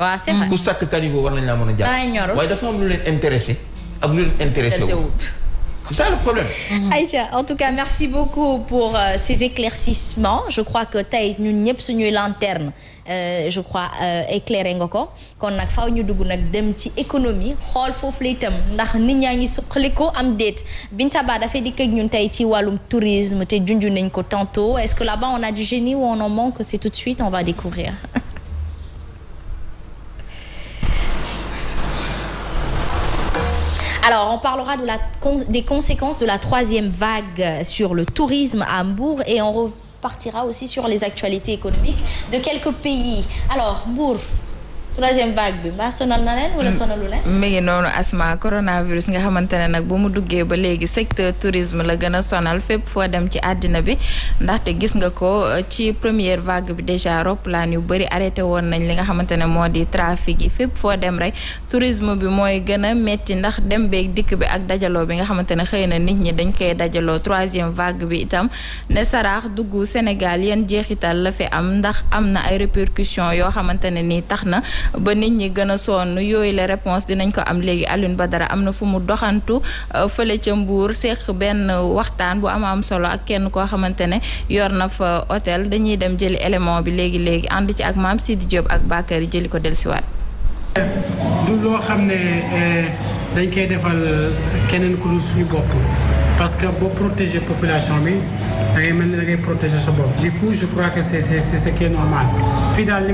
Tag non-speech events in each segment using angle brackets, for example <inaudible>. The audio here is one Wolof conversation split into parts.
waaw c'est vrai ku sàkk caniveau war nañ laa mën a jàpp waaye dafa am lu leen intéressé ak lu leen intéressé wu C'est ça le problème. Mm-hmm. Aïcha en tout cas merci beaucoup pour euh, ces éclaircissements je crois que tey ñun ñëpp suñuy lanterne euh, je crois euh, éclairé nga ko kon nag faaw ñu dugg nag dem ci économie xool foofu la itam ndax ni ñaa ngi suqali ko am déet Binta Ba dafay dikk ak ñun tey ci wàllum tourisme te junj nañ ko tantôt est-ce que là a du génie ou on en manque c'est tout de suite <laughs> Alors, on parlera la, des conséquences de la troisième vague sur le tourisme à Hambourg et on repartira aussi sur les actualités économiques de quelques pays. Alors, Hambourg, troisième vague bi ba sonal na leen wala mm. sonalu leen. mi ngi noonu asma coronavirus nga xamante ne nag bu mu duggee ba léegi secteur tourisme la gën a sonal fépp foo dem ci àddina bi ndaxte gis nga ko ci première vague bi déjà roplaan yu bëri arrêté woon nañ li nga xamante ne moo di trafic yi fépp foo dem rek tourisme bi mooy gën a metti ndax dem beeg dikk bi ak dajaloo bi nga xamante ne xëy na nit ñi dañ koy dajaloo troisième vague bi itam ne saraax dugg Sénégal yan jeexital la fi am ndax am na ay répercussions yoo xamante ne nii tax na. ba nit ñi gën a sonn yooyu la réponse dinañ ko am léegi ba dara am na fu mu doxantu euh, fële ca Mbour seq benn waxtaan bu am am solo ak kenn koo xamante ne yor na fa otel dañuy dem jëli élément bi léegi léegi ànd ci ak maam Sidi Diop ak Bakary jëli ko dellusiwaat. du loo xam ne euh, dañ koy defal keneen ku dul suñu bopp parce que boo protéger population bi da ngay mel ngay protéger sa bopp du coup je crois que c'est c'est c'est ce normal fii daal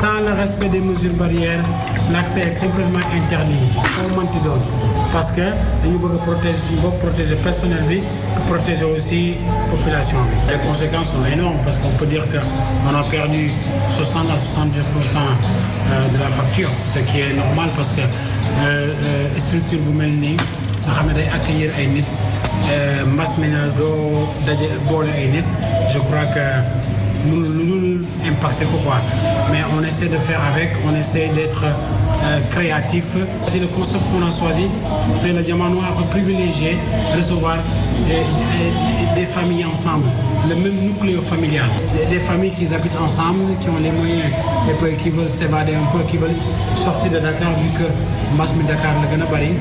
sans le respect des mesures barrières l'accès est complètement interdit foo mënti parce que dañu bëgg a protéger suñu bopp bi protéger aussi population bi. les conséquences sont énormes parce que on a perdu 60 à pour cent euh, de la facture ce qui est normal parce que euh, euh, structure bu mel nii nga xam ne day accueillir ay nit mbas mi daje boole ay nit je crois que. nous, nous impacter ko quoi mais on essaie de faire avec on essaie d'être euh, créatif c'est le concept qu'on a choisi c'est le diamant noir privilégié recevoir et, et, et des familles ensemble, le même nucléo familial. Des, familles qui habitent ensemble, qui ont les moyens, et puis qui veulent de Dakar, vu que Masmi Dakar, le Ghana Bari,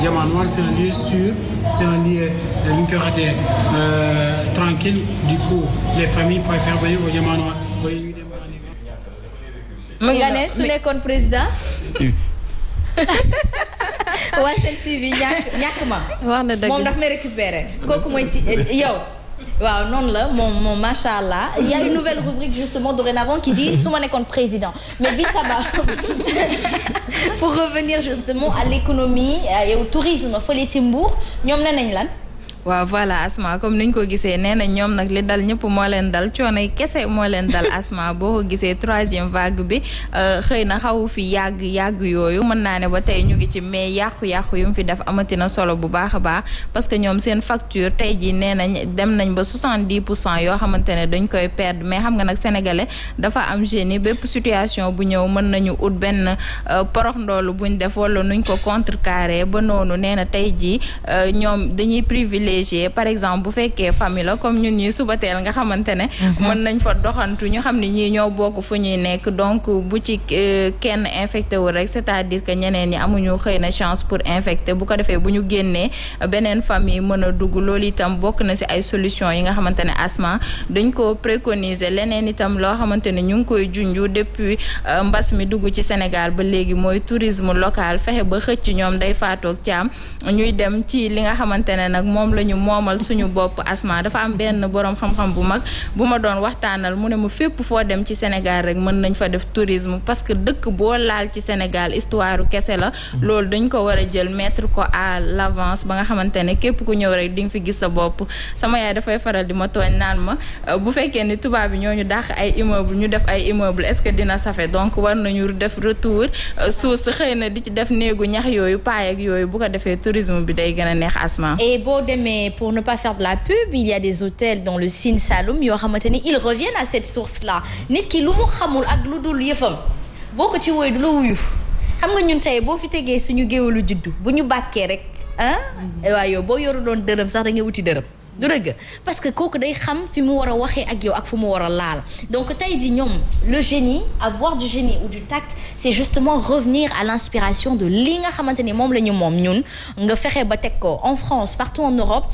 Diamant Noir, c'est un lieu sûr, c'est un lieu euh, euh, tranquille. Du coup, les familles préfèrent venir au Diamant Noir. Mangane, tu l'es contre président <laughs> seen suivi ñàkk ñàkk ma. wax na dëgg moom daf waaw noonu la moom moom macha allah il y a une nouvelle rubrique justement dorénavant qui dit su ma nekkoon président mais bi taba <laughs> pour revenir justement à l'économie euh, et au tourisme fële ci Mbour ñoom nee lan. waaw voilà Asma comme ni ñu ko gisee nee na ñoom nag li dal ñëpp moo leen dal coonay kese moo leen dal <laughs> Asma boo ko gisee troisième vague bi euh, xëy na xawu fi yàgg yàgg yooyu mën naa ne ba tey ñu ngi ci mais yàqu-yàqu yu mu fi def amatina solo bu baax a baax parce que ñoom seen facture tey jii nee nañ dem nañ ba soixante dix pour cent yoo xamante ne dañ koy perdre mais xam nga nag sénégalais dafa am génie bépp situation bu ñëw mën nañu ut benn euh, porox ndoolu buñ def wala nuñ ko contre contrecarrer ba noonu nee na tey jii euh, ñoom dañuy privilégié privilégié par exemple bu fekkee famille la comme ñun ñuy suba teel nga xamante ne. Mhm. mën nañ fa doxantu ñu xam ne ñii ñoo bokk fu ñuy nekk donc bu ci euh, kenn infecté wu rek c'est-à-dire que ñeneen ñi amuñu xëy na chance pour infecté bu ko defee bu ñu génnee beneen famille mën a dugg loolu itam bokk na ci ay solution yi nga xamante ne asma dañ ko préconiser leneen itam loo xamante ne ñu ngi koy junju depuis euh, mbas mi dugg ci Sénégal ba léegi mooy tourisme local fexe ba xëcc ñoom day faatoog lañu moomal suñu bopp asma dafa am benn borom xam-xam bu mag bu ma doon waxtaanal mu ne mu fépp foo dem ci Sénégal rek mën nañ fa def tourisme parce que dëkk boo laal ci Sénégal histoire kese la. loolu dañ ko war a jël mettre ko à l'avance ba nga xamante ne képp ku ñëw rek di nga fi gis sa bopp sama yaay dafay faral di ma naan ma euh, bu fekkee ni tubaab bi ñoo ñu dàq ay immeuble ñu def ay immeuble est-ce que dina safe donc war nañu def retour suuf euh, si xëy na di ci def néegu ñax yooyu paay yooyu bu ko defee tourisme bi day gën a neex asma. mais pour ne pas faire de la pub il y a des hôtels dans le Sine Saloum yoo xamante ni ils reviennent à cette source là nit ki lu mu xamul ak lu dul yëfam boo ko ci woy du la wuyu xam nga ñun tey boo fi tegee suñu géwalu juddu bu ñu bàkkee rek ah waaye yow boo yoru doon dërëm sax da ngay wuti dërëm du dëgg parce que kooku day xam fi mu war a waxee ak yow ak fu mu war laal donc tey jii ñoom le génie avoir du génie ou du tact c'est justement revenir à l'inspiration de li nga xamante ni moom la ñu moom ñun nga fexe ba teg ko en France partout en Europe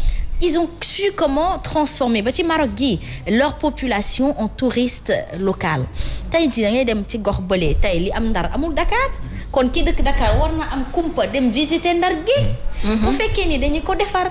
ils ont su comment transformer ba ci Maroc gi leur population en touriste local tey jii da ngay dem ci gox bële tey li am Ndar amul Dakar kon ki dëkk Dakar war na am kumpa dem visiter Ndar gi mm-hmm. bu fekkee ni dañu ko defar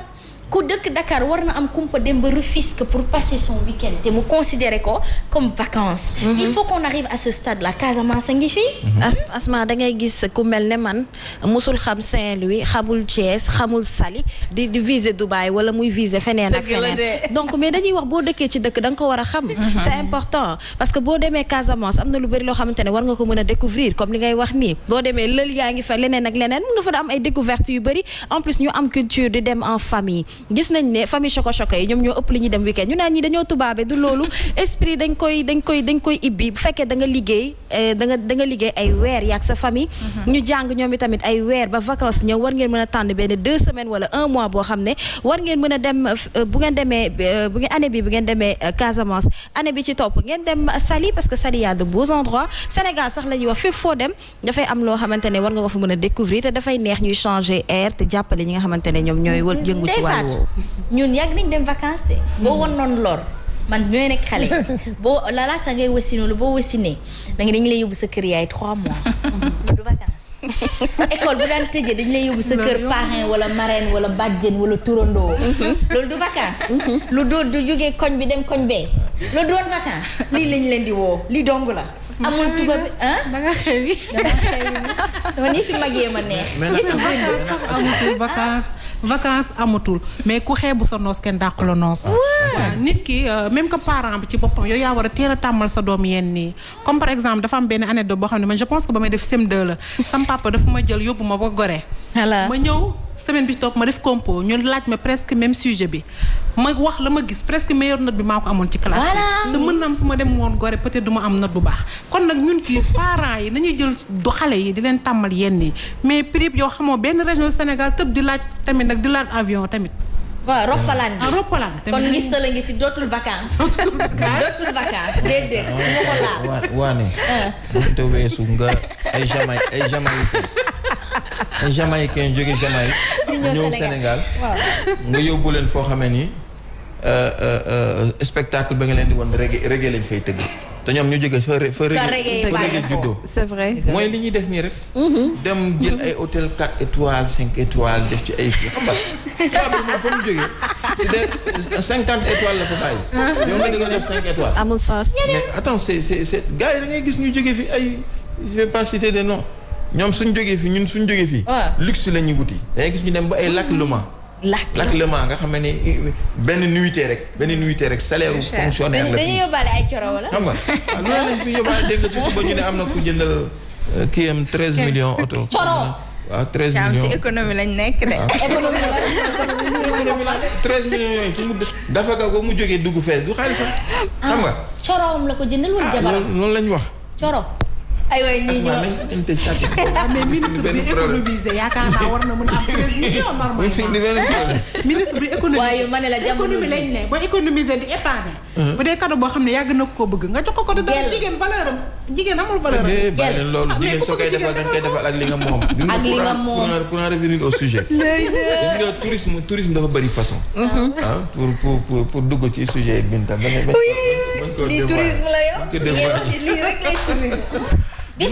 ku dëkk Dakar war na am kumpa dem ba Rufisque pour passer son week-end te mu considéré ko comme vacances. Mm -hmm. il faut qu'on arrive à ce stade là Casamance a ngi fi. Mhm. asma da gis ku mel ne man musul xam Saint-Louis xamul Thiès xamul Saly di di viser Dubaï wala muy viser feneen ak feneen. donc mais dañuy wax boo dëkkee ci dëkk da nga ko war a xam. Mhm. c'est important parce que boo demee Casamance am na lu bari loo xamante ne war nga ko mën a découvrir comme li ngay wax nii boo demee lël yaa ngi fa leneen ak leneen mun fa am ay découvertes yu bëri en plus ñu am culture di dem en famille. gis nañ ne famille choco choco yi ñoom ñoo ëpp li ñuy dem weekend ñu naan ñi dañoo tubaabe du loolu dañ koy dañ koy dañ koy ibbi bu fekkee da liggéey eh, da nga nga liggéey ay weer yaag sa famille mhm. ñu jàng ñoom itamit ay weer ba vacances ñëw war ngeen mën a tànn benn deux semaines wala un mois boo xam ne war ngeen mën a dem euh, bu ngeen demee euh, bu ngeen bi ngeen demee euh, Casamance année bi ci topp ngeen dem Saly parce que Saly y a de beaux endroits Sénégal sax la ñuy wax fépp foo dem dafay am loo xamante ne war nga ko fa mën a découvrir te dafay neex ñuy changer air te jàppale ñi nga xamante ne ñoom ñooy wër yëngu ñun yàgg nañ dem vacances de. boo woon noonu lor man ñooy nekk xale <laughs> boo la laata ngay wasinul boo wasinee da nga dañ lay yóbbu sa kër yaay trois mois <laughs> du vacances école bu daan tëjee dañ lay yóbbu sa kër parrain wala marraine wala bàjjen wala turandoo mhm. loolu du vacances mhm. lu dóor du jógee koñ bi dem koñ bee loolu doon vacances <laughs> lii lañ leen di woo li dong la amul tubaab bi ah da nga xewi da nga xewi man yi fi mag ma neex vacances amatul mais ku xeebu sa noos kenn dàq la noos nit ki euh, même que parent bi ci boppam yooyu yaa war a teel a tàmmal sa doom yenn nii comme par exemple dafa am benn anecdote boo xam ne man je pense que ba may def CM2 la sam papa dafa ma jël yóbbu ma ba Gorée ma ñëw semaine bi topp ma def compo ñu laaj ma presque même sujet bi ma wax la ma gis presque meilleure note bi maa ko amoon ci classe te mën na am su ma dem woon gore peut-être du ma am note bu baax kon nag ñun kii parents yi nañu jël du xale yi di leen tàmmal yenn yi mais prix yow xamoo benn région Sénégal tëb di laaj tamit nag di laaj avion tamit waaw roppalaan bi ah, roppalaan kon ngis ta la ci <laughs> dootul vacances dootul vacances déedéet ah, su ma ko laal waane mënta weesu nga ay jamay ay jamaïcain ay jamaïcain jóge Jamaïque ñëw Sénégal nga yóbbu foo xamee ni Euh, euh, euh, spectacle ba nga leen di woon reggae reggae lañ fay tëgg te ñoom ñu jóge fa fa reggae fa mooy li ñuy def nii rek mm-hmm. dem jël ay hôtel quatre étoiles cinq étoiles def ci ay xam nga tubaab bi moom fa mu jógee de cinquante étoiles la fa bàyyi ah. yow nga di ko def cinq étoiles amul yi da ngay gis ñu jógee fi ay je vais pas citer des ñoom suñ jógee fi ñun suñ jógee fi luxe la ñuy wuti gis ñu dem ba ay lac Loma la la lakklement nga xam ne benn nuitée rek benn nuitée rek salaire u fonctionnaire la dañuy yóbbaale ay coro wala xam nga waaw lañ fi yóbbaale dégg nga suba ñu ne am na ku jëndal euh, kii am treize millions oto coro waaw treize millions ci économie lañ nekk de la treize millions yooyu fu mu dafa ko mu jógee dugg fee du xaalisam xam nga ah. coroom la ko jëndal wala ah, jabaram loolu lañ wax coro ay waay ñii ñoo <laughs> ah, mais ministre bi économisé yaakaar naa war na mën a am treize millions normalement ministre bi économie waaye ma ne la jamono économie lañ ne ba économiser di épargne uh-huh. bu dee cadeau boo xam ne yàgg na koo bëgg nga jox ko ko da dara jigéen valeur am jigéen amul valeur am eh, bàyyi loolu ah, jigéen soo koy defal da nga koy defal ak li nga moom ak li nga moom pour en revenir au sujet <laughs> gis nga tourisme tourisme dafa bëri façon uh-huh. ah pour pour pour pour dugg ci sujet Binta ba ne lii tourisme la yow lii rek lay tourisme Bir